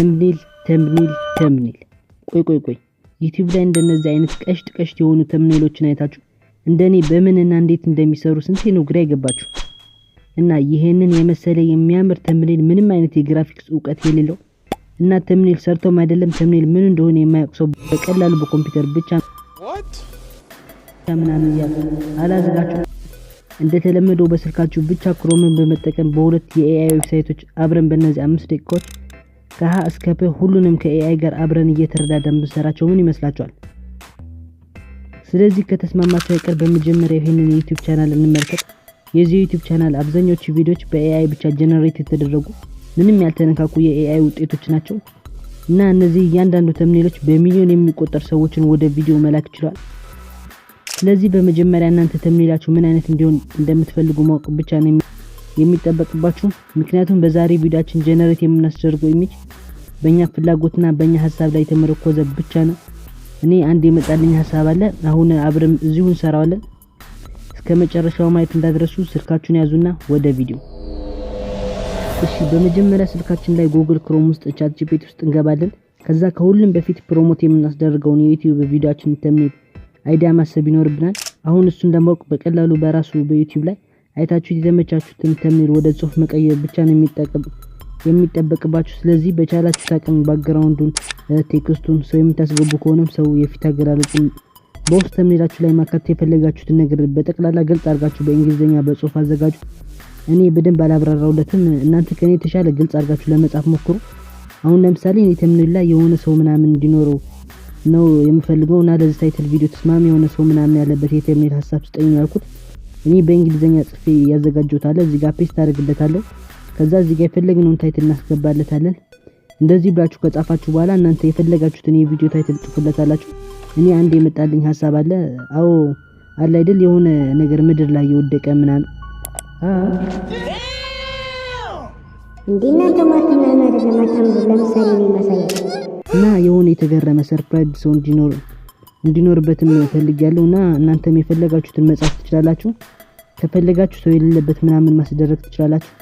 ተምኔል ተምኔል ተምኔል። ቆይ ቆይ ቆይ ዩቲዩብ ላይ እንደነዚህ አይነት ቀሽት ቀሽት የሆኑ ተምኔሎችን አይታችሁ እንደኔ በምንና እንዴት እንደሚሰሩ ስንቴ ነው ግራ ይገባችሁ። እና ይሄንን የመሰለ የሚያምር ተምኔል ምንም አይነት የግራፊክስ እውቀት የሌለው እና ተምኔል ሰርቶም አይደለም ተምኔል ምን እንደሆነ የማያውቅ ሰው በቀላሉ በኮምፒውተር ብቻ ምናምን እያሉ አላዝጋችሁ እንደተለመደው በስልካችሁ ብቻ ክሮምን በመጠቀም በሁለት የኤአይ ዌብሳይቶች አብረን በእነዚህ አምስት ደቂቃዎች ከሀ እስከ ፐ ሁሉንም ከኤአይ ጋር አብረን እየተረዳዳን ብንሰራቸው ምን ይመስላችኋል? ስለዚህ ከተስማማቸው ይቅር በመጀመሪያ ይህንን ዩቲብ ቻናል እንመልከት። የዚህ ዩቲብ ቻናል አብዛኞቹ ቪዲዮዎች በኤአይ ብቻ ጀነሬት የተደረጉ ምንም ያልተነካኩ የኤአይ ውጤቶች ናቸው እና እነዚህ እያንዳንዱ ተምኔሎች በሚሊዮን የሚቆጠር ሰዎችን ወደ ቪዲዮ መላክ ይችላል። ስለዚህ በመጀመሪያ እናንተ ተምኔላችሁ ምን አይነት እንዲሆን እንደምትፈልጉ ማወቅ ብቻ ነው። የሚጠበቅባችሁ። ምክንያቱም በዛሬ ቪዲዮችን ጀነሬት የምናስደርገው ኢሜጅ በእኛ ፍላጎትና በእኛ ሀሳብ ላይ የተመረኮዘ ብቻ ነው። እኔ አንድ የመጣልኝ ሀሳብ አለ። አሁን አብረን እዚሁ እንሰራዋለን። እስከ መጨረሻው ማየት እንዳደረሱ ስልካችሁን ያዙና ወደ ቪዲዮ እሺ በመጀመሪያ ስልካችን ላይ ጉግል ክሮም ውስጥ ቻት ጂፒቲ ውስጥ እንገባለን። ከዛ ከሁሉም በፊት ፕሮሞት የምናስደርገውን የዩቲዩብ ቪዲዮችን ተምኔል አይዲያ ማሰብ ይኖርብናል። አሁን እሱን ለማወቅ በቀላሉ በራሱ በዩቲዩብ ላይ አይታችሁ የዘመቻችሁትን ተምር ወደ ጽሁፍ መቀየር ብቻ ነው የሚጠበቅባችሁ። ስለዚህ በቻላችሁ አቅም ባክግራውንዱን፣ ቴክስቱን ሰው የምታስገቡ ከሆነም ሰው የፊት አገላለጽን በውስጥ ተምኔላችሁ ላይ ማካተት የፈለጋችሁትን ነገር በጠቅላላ ግልጽ አድርጋችሁ በእንግሊዝኛ በጽሁፍ አዘጋጁ። እኔ በደንብ አላብራራውለትም። እናንተ ከኔ የተሻለ ግልጽ አድርጋችሁ ለመጻፍ ሞክሩ። አሁን ለምሳሌ እኔ ተምኔል ላይ የሆነ ሰው ምናምን እንዲኖረው ነው የምፈልገው እና ለዚህ ታይትል ቪዲዮ ተስማሚ የሆነ ሰው ምናምን ያለበት የተምኔል ሀሳብ ስጠኝ ያልኩት እኔ በእንግሊዝኛ ጽፌ ያዘጋጀሁት አለ። እዚህ ጋር ፔስት አደርግለታለሁ ከዛ እዚህ ጋር የፈለግነውን ታይትል እናስገባለታለን። እንደዚህ ብላችሁ ከጻፋችሁ በኋላ እናንተ የፈለጋችሁትን የቪዲዮ ታይትል ጽፉለታላችሁ። እኔ አንድ የመጣልኝ ሀሳብ አለ። አዎ አለ አይደል የሆነ ነገር ምድር ላይ የወደቀ ምናምን እና የሆነ የተገረመ ሰርፕራይዝ ሰው እንዲኖር እንዲኖርበትም ፈልጊያለሁ እና እናንተም የፈለጋችሁትን መጻፍ ትችላላችሁ። ከፈለጋችሁ ሰው የሌለበት ምናምን ማስደረግ ትችላላችሁ።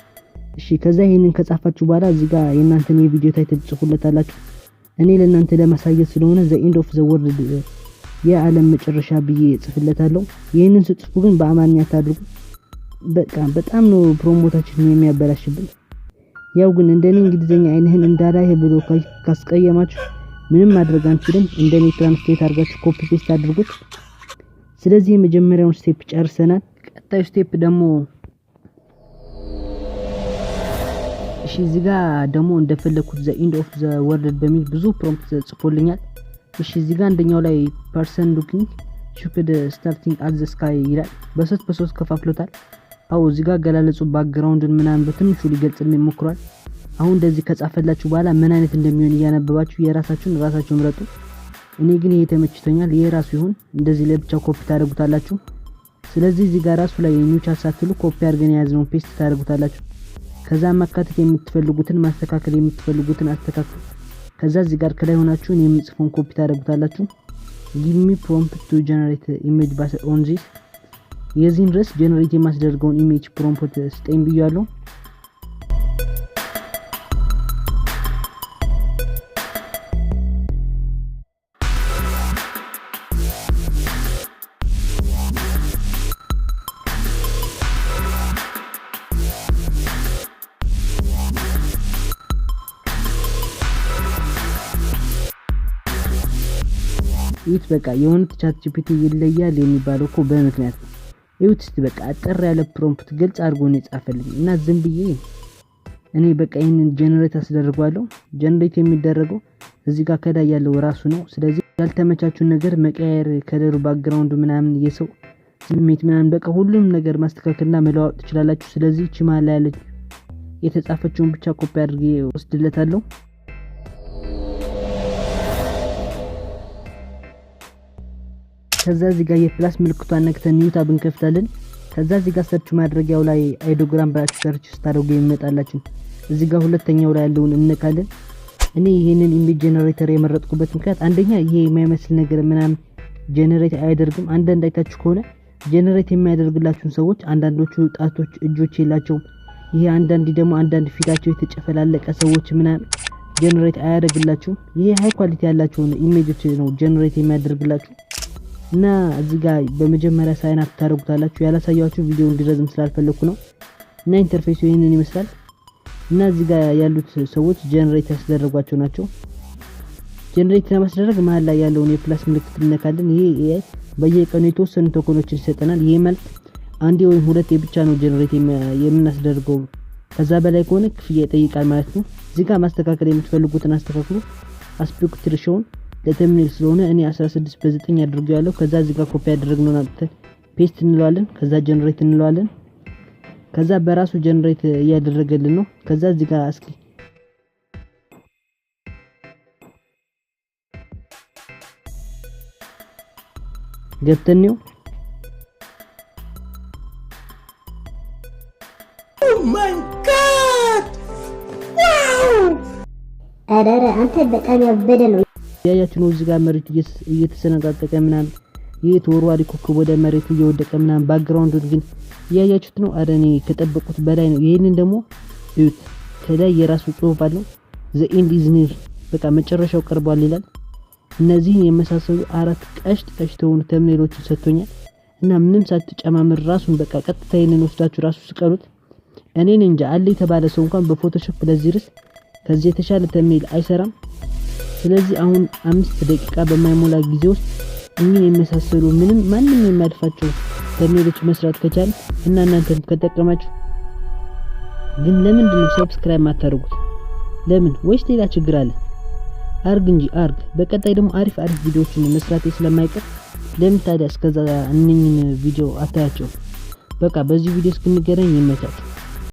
እሺ ከዛ ይሄንን ከጻፋችሁ በኋላ እዚህ ጋር የእናንተን የቪዲዮ ታይትል ጽፉለታላችሁ። እኔ ለእናንተ ለማሳየት ስለሆነ ዘ ኢንድ ኦፍ ዘ የዓለም መጨረሻ ብዬ ጽፍለታለሁ። ይህንን ስጽፉ ግን በአማርኛ ታድርጉ። በቃ በጣም ነው ፕሮሞታችን የሚያበላሽብን። ያው ግን እንደኔ እንግሊዝኛ አይንህን እንዳላይህ ብሎ ካስቀየማችሁ ምንም ማድረግ አንችልም። እንደኔ ትራንስሌት አድርጋችሁ ኮፒ ፔስት አድርጉት። ስለዚህ የመጀመሪያውን ስቴፕ ጨርሰናል። ቀጣዩ ስቴፕ ደግሞ እሺ፣ እዚህ ጋ ደግሞ እንደፈለግኩት ዘ ኢንድ ኦፍ ዘ ወርልድ በሚል ብዙ ፕሮምፕት ጽፎልኛል። እሺ፣ እዚህ ጋ አንደኛው ላይ ፐርሰን ሉኪንግ ሹክድ ስታርቲንግ አት ዘ ስካይ ይላል። በሶስት በሶስት ከፋፍሎታል። አው እዚህ ጋ አገላለጹ ባክግራውንድን ምናምን በትንሹ ሊገልጽልን ሞክሯል። አሁን እንደዚህ ከጻፈላችሁ በኋላ ምን አይነት እንደሚሆን እያነበባችሁ የራሳችሁን ራሳችሁ ምረጡ። እኔ ግን ይሄ ተመችቶኛል፣ ይሄ ራሱ ይሁን። እንደዚህ ለብቻ ኮፒ ታደርጉታላችሁ። ስለዚህ እዚህ ጋር ራሱ ላይ ኒው ቻት ሳትሉ ኮፒ አድርገን የያዝነውን ፔስት ታደርጉታላችሁ። ከዛ መካተት የምትፈልጉትን ማስተካከል የምትፈልጉትን አስተካክሉ። ከዛ እዚህ ጋር ከላይ ሆናችሁ እኔ የምጽፈውን ኮፒ ታደርጉታላችሁ። ጊቭ ሚ ፕሮምፕት ቱ ጀነሬት ኢሜጅ ባስ ኦን ዚስ የዚህን ድረስ ጀነሬት የማስደርገውን ኢሜጅ ፕሮምፕት ስጠኝ ብያለሁ። ይሁት በቃ የእውነት ቻት ጂፒቲ ይለያል የሚባለው እኮ በምክንያት ነው። ይሁት በቃ አጠር ያለ ፕሮምፕት ግልጽ አድርጎ ነው የጻፈልኝ እና ዝም ብዬ እኔ በቃ ይህንን ጀነሬት አስደርጓለሁ። ጀነሬት የሚደረገው እዚህ ጋር ከላይ ያለው ራሱ ነው። ስለዚህ ያልተመቻችውን ነገር መቀየር ከለሩ፣ ባክግራውንድ ምናምን፣ የሰው ስሜት ምናምን በቃ ሁሉም ነገር ማስተካከልና መለዋወጥ ትችላላችሁ። ስለዚህ ቺ ላይ ያለች የተጻፈችውን ብቻ ኮፒ አድርጌ ወስድለታለሁ። ከዛ እዚህ ጋር የፕላስ ምልክቷን ነክተን ኒውታብ እንከፍታለን። ከዛ እዚህ ጋር ሰርች ማድረጊያው ላይ አይዶግራም ብላችሁ ሰርች ስታደርጉ የሚመጣላችሁ እዚህ ጋር ሁለተኛው ላይ ያለውን እንነካለን። እኔ ይህንን ኢሜጅ ጀነሬተር የመረጥኩበት ምክንያት አንደኛ ይሄ የማይመስል ነገር ምናምን ጀነሬት አያደርግም። አንዳንድ አይታችሁ ከሆነ ጀነሬት የሚያደርግላችሁን ሰዎች አንዳንዶቹ ጣቶች፣ እጆች የላቸውም። ይሄ አንዳንድ ደግሞ አንዳንድ ፊታቸው የተጨፈላለቀ ሰዎች ምናምን ጀነሬት አያደርግላችሁም። ይሄ ሀይ ኳሊቲ ያላቸውን ኢሜጆች ነው ጀነሬት የሚያደርግላችሁ። እና እዚህ ጋር በመጀመሪያ ሳይን አፕ ታደርጉታላችሁ። ያላሳያችሁ ቪዲዮ እንዲረዝም ስላልፈለኩ ነው። እና ኢንተርፌሱ ይህንን ይመስላል። እና እዚህ ጋር ያሉት ሰዎች ጀነሬት ያስደረጓቸው ናቸው። ጀነሬት ለማስደረግ መሀል ላይ ያለውን የፕላስ ምልክት እንነካለን። ይሄ ኤአይ በየቀኑ የተወሰኑ ቶኮኖችን ይሰጠናል። ይሄ ማለት አንድ ወይም ሁለት ብቻ ነው ጀነሬት የምናስደርገው። ከዛ በላይ ከሆነ ክፍያ ይጠይቃል ማለት ነው። እዚህ ጋር ማስተካከል የምትፈልጉትን አስተካክሉ። አስፔክት ለተርሚናል ስለሆነ እኔ 16 በ9 አድርገው ያለው። ከዛ እዚህ ጋር ኮፒ ያደረግነው ናጥተን ፔስት እንለዋለን። ከዛ ጀነሬት እንለዋለን። ከዛ በራሱ ጀነሬት እያደረገልን ነው። ከዛ እዚህ ጋር እስኪ ገብተን ነው oh ኧረ አንተ በጣም ያበደ ነው። ያያችሁ ነው። እዚጋ ጋር መሬቱ እየተሰነጣጠቀ ምናምን ይህ ተወርዋሪ ኮከብ ወደ መሬቱ እየወደቀ ምናምን ባክግራውንዱን ግን እያያችሁት ነው። አረ እኔ ከጠበቁት በላይ ነው። ይህንን ደግሞ እዩት። ከላይ የራሱ ጽሁፍ አለው ዘ ኤንድ ኢዝ ኒር በቃ መጨረሻው ቀርቧል ይላል። እነዚህን የመሳሰሉ አራት ቀሽት ቀሽት የሆኑ ተምኔሎችን ሰጥቶኛል እና ምንም ሳትጨማምር ራሱን በቃ ቀጥታ ይህንን ወስዳችሁ ራሱ ስቀሉት። እኔን እንጃ አለ የተባለ ሰው እንኳን በፎቶሾፕ ለዚህ ርስ ከዚህ የተሻለ ተምኔል አይሰራም። ስለዚህ አሁን አምስት ደቂቃ በማይሞላ ጊዜ ውስጥ እኚህን የመሳሰሉ ምንም ማንም የማያድፋቸው ተሜሎች መስራት ከቻል እና እናንተም ከጠቀማችሁ ግን ለምንድን ነው ሰብስክራይብ ማታደርጉት? ለምን? ወይስ ሌላ ችግር አለ? አርግ እንጂ አርግ። በቀጣይ ደግሞ አሪፍ አሪፍ ቪዲዮዎችን መስራቴ ስለማይቀር ለምን ታዲያ እስከዛ እነኝን ቪዲዮ አታያቸው? በቃ በዚህ ቪዲዮ እስክንገናኝ ይመቻችሁ።